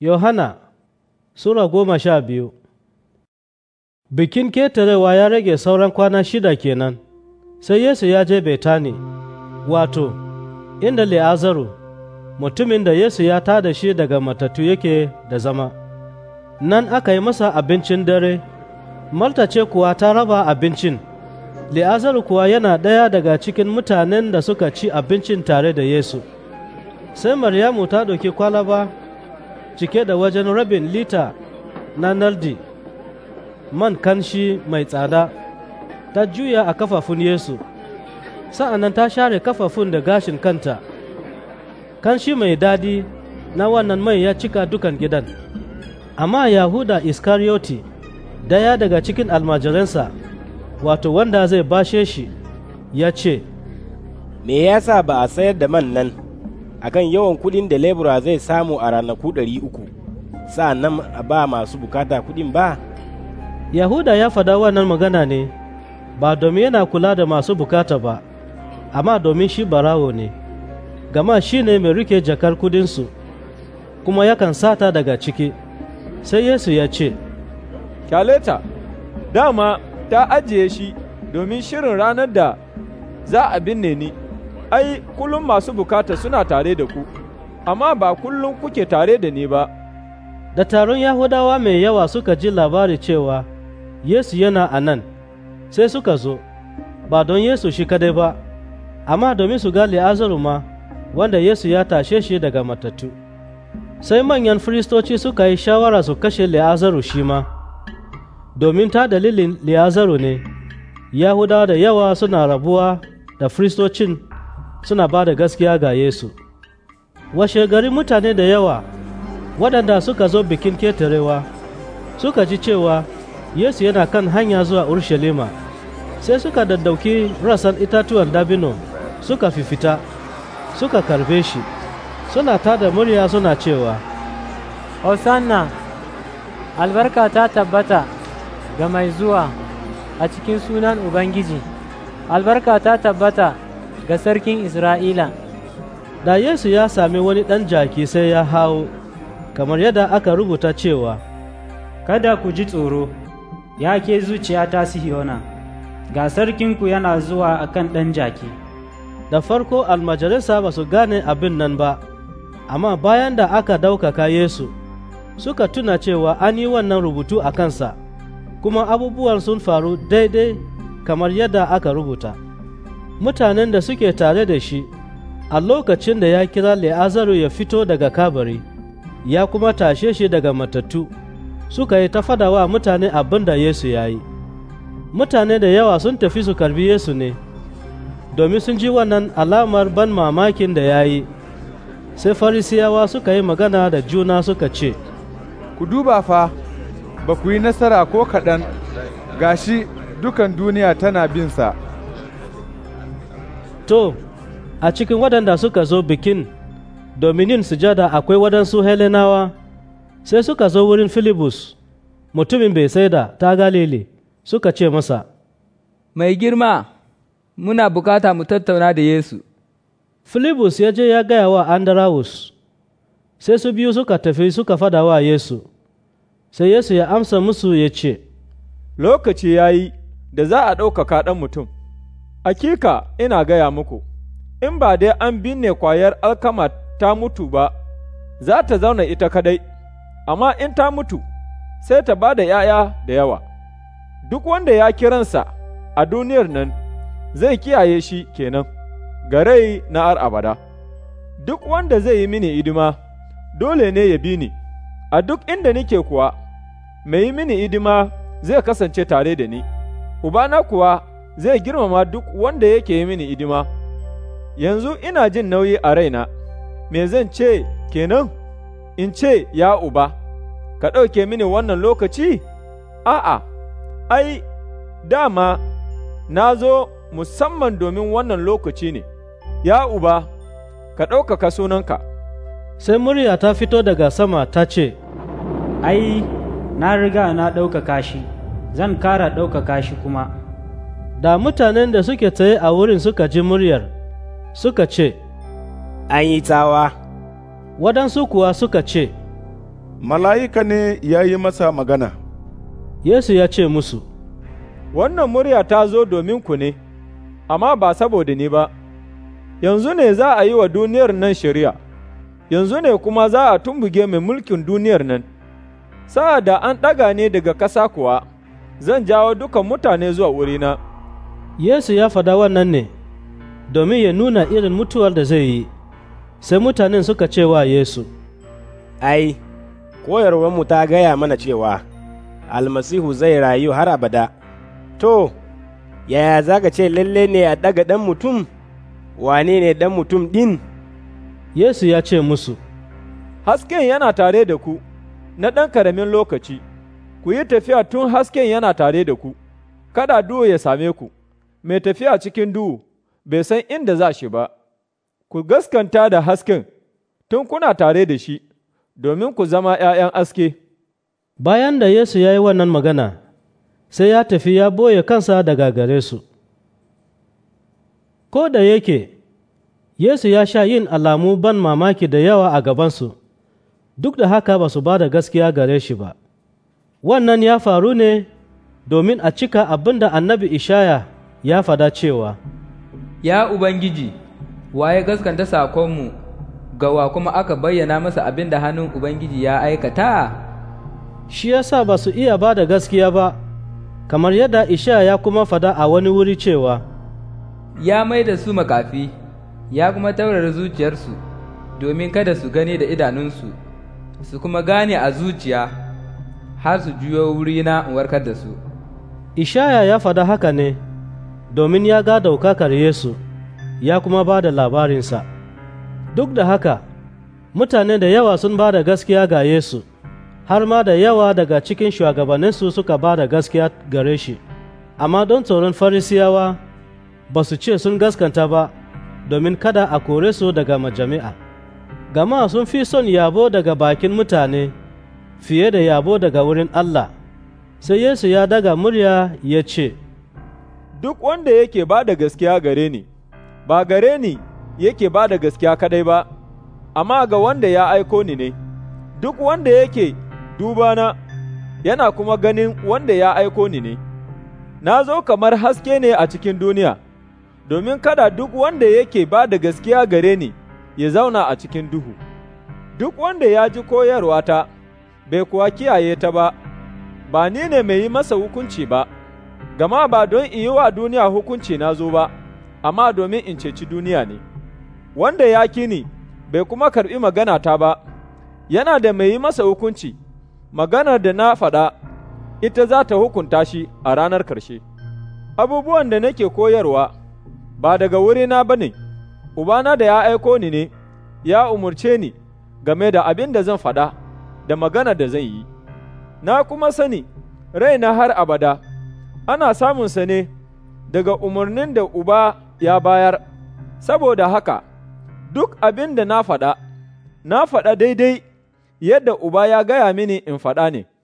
Yohana Sura goma sha biyu Bikin ketarewa ya rage sauran kwana shida kenan, sai Yesu ya je Betani, wato, inda Le'azaru, mutumin da Yesu ya tada shi daga matattu yake da zama. Nan aka yi masa abincin dare, Malta ce kuwa ta raba abincin, Le'azaru kuwa yana ɗaya daga cikin mutanen da suka ci abincin tare da Yesu. Sai Maryamu ta ɗauki kwalaba. cike da wajen rabin lita na naldi man kanshi mai tsada ta juya a kafafun yesu sa'annan ta share kafafun da gashin kanta kanshi mai dadi na wannan mai ya cika dukan gidan amma yahuda iskariyoti daya daga cikin almajiransa wato wanda zai bashe shi ya ce me yasa ba a sayar da man nan kan yawan kuɗin da lebura zai samu a ranaku ɗari uku sa'an nan ba masu bukata kuɗin ba yahuda ya faɗa wannan magana ne ba domin yana kula da masu bukata ba amma domin shi barawo ne gama shi ne mai rike jakar kudinsu kuma yakan sata daga ciki sai yesu ya ce kyaleta dama ta ajiye shi domin shirin ranar da za a binne ni ai, kullum masu bukata suna tare da ku, amma ba kullum kuke tare da ni ba. Da taron Yahudawa mai yawa suka ji labari cewa Yesu yana a nan, sai suka zo, ba don Yesu shi kadai ba, amma domin su ga Azaru ma, wanda Yesu ya tashe shi daga matattu. Sai manyan firistoci suka yi shawara su kashe li'azaru shi ma, domin ta dalilin li'azaru ne, Yahudawa da yawa suna rabuwa da firistocin suna ba da gaskiya ga Yesu. Washe gari mutane da yawa waɗanda suka zo bikin ketarewa suka ji cewa Yesu yana kan hanya zuwa Urshalima sai suka daddauki rasan itatuwan dabino suka fifita suka karbe shi suna tada murya suna cewa Hosanna albarka ta tabbata ga mai zuwa a cikin sunan Ubangiji albarka ta tabbata ga sarkin Isra'ila. Da Yesu ya sami wani ɗan jaki sai ya hau. kamar yadda aka rubuta cewa, Kada ku ji tsoro, ya ke zuciya ta Sihiyona, ga sarkinku yana zuwa akan ɗan jaki. Da farko almajalisa ba su gane abin nan ba, amma bayan da aka ɗaukaka Yesu, suka tuna cewa an yi wannan rubutu a kansa, kuma abubuwan sun faru daidai kamar yadda aka rubuta. mutanen da suke tare da shi a lokacin da ya kira Le'azaru ya fito daga kabari, ya kuma tashe shi daga matattu, suka yi ta fadawa wa mutane abin da Yesu ya yi. Mutane da yawa sun tafi su karbi Yesu ne, domin sun ji wannan alamar ban mamakin da ya yi. Sai farisiyawa suka yi magana da juna suka ce, Ku duba fa, ba ku yi nasara ko kaɗan, gashi dukan duniya tana binsa. to a cikin waɗanda suka zo bikin domin yin sujada akwai waɗansu helenawa sai suka zo wurin filibus mutumin bai sai da ta galile suka ce masa mai girma muna bukata mu tattauna da yesu filibus ya je ya gaya wa andarawus sai su biyu suka tafi suka fada wa yesu sai yesu ya amsa musu ya ce lokaci ya yi da za a ɗaukaka ɗan mutum Akika ina gaya muku, in ba dai an binne kwayar alkama ta mutu ba, za ta zauna ita kadai, amma in ta mutu, sai ta ba da ’ya'ya da yawa. Duk wanda ya kiransa a duniyar nan zai kiyaye shi kenan, garai na ar abada. Duk wanda zai yi mini hidima, dole ne ya bi ni, a duk inda nike kuwa, mai yi mini hidima zai kasance tare da ni, Ubana kuwa zai girmama duk wanda yake yi mini hidima, yanzu ina jin nauyi a raina, me zan ce kenan? In ce, ya uba, ka ɗauke mini wannan lokaci? A'a, ai, dama na zo musamman domin wannan lokaci ne, ya uba, ka ɗaukaka sunanka. Sai murya ta fito daga sama ta ce, Ai, na riga na ɗaukaka shi, zan kara ɗaukaka shi kuma. da mutanen da suke tsaye a wurin suka ji muryar suka ce, An yi tsawa, waɗansu kuwa suka ce, Mala'ika ne ya yi masa magana. Yesu ya ce musu, Wannan murya ta zo domin ku ne, amma ba saboda ni ba, yanzu ne za a yi wa duniyar nan shari'a, yanzu ne kuma za a tumbuge mai mulkin duniyar nan, sa'ad da an ɗaga ne daga ƙasa kuwa, zan jawo dukan mutane zuwa wurina. Yesu ya faɗa wannan ne domin ya nuna irin mutuwar da zai yi, sai mutanen suka ce wa Yesu, Ai, koyarwarmu ta gaya mana cewa almasihu zai rayu har abada, to, yaya za ka ce lalle ne a ɗaga ɗan mutum, wane ne ɗan mutum ɗin? Yesu ya ce musu, Hasken yana tare da ku na ɗan ƙaramin lokaci, ku yi tafiya tun hasken yana tare da ku, kada duwo ya same ku. mai tafiya cikin duhu bai san inda za shi ba, ku gaskanta da hasken tun kuna tare da shi, domin ku zama ’ya'yan aske. Bayan da Yesu ya yi wannan magana, sai ya tafi ya boye kansa daga gare su. Ko da yake, Yesu ya sha yin alamu ban mamaki da yawa a gabansu, duk da haka ba su ba da gaskiya gare shi ba. Wannan ya faru ne domin a cika abin da annabi Ishaya ya fada cewa, Ya Ubangiji, waye gaskanta sakonmu ga wa kuma aka bayyana masa abin da hannun Ubangiji ya aikata? Shi ya sa ba su iya ba da gaskiya ba, kamar yadda Isha ya kuma fada a wani wuri cewa, Ya mai da su makafi, ya kuma taurara zuciyarsu, domin kada su gane da idanunsu, su kuma gane a zuciya, har su juyo wurina in warkar da su. Ishaya ya fada haka ne. domin ya ga daukakar Yesu ya kuma ba da labarinsa. Duk da haka, mutane da yawa sun ba da gaskiya ga Yesu, har ma da yawa daga cikin shugabanninsu suka ba da gaskiya gare shi, amma don tsoron farisiyawa ba su ce sun gaskanta ba domin kada a kore su daga majami'a. Gama sun fi son yabo daga bakin mutane fiye da yabo daga wurin Allah, sai Yesu ya daga murya ya ce, Duk wanda yake ba da gaskiya gare ni, ba gare ni yake ba da gaskiya kadai ba, amma ga wanda ya aiko ni ne, duk wanda yake dubana yana kuma ganin wanda ya aiko ni ne, na zo kamar haske ne a cikin duniya, domin kada duk wanda yake ba da gaskiya gare ni ya zauna a cikin duhu. Duk wanda ya ji koyarwa ta bai kuwa kiyaye ta ba, ba ni ne mai yi masa hukunci ba. gama ba don in yi wa duniya hukunci na zo ba, amma domin in ceci duniya ne, wanda ya kini bai kuma karɓi magana ta ba, yana da mai yi masa hukunci, maganar da na faɗa, ita za ta hukunta shi a ranar ƙarshe. Abubuwan da nake koyarwa ba daga wurina ba ne, Ubana da ya aiko ni ne, ya umarce ni game da abin da zan faɗa da magana da zan yi, na kuma sani rai na har abada. ana samunsa ne daga umarnin da Uba ya bayar, saboda haka duk abin da na faɗa, na faɗa daidai yadda Uba ya gaya mini in faɗa ne.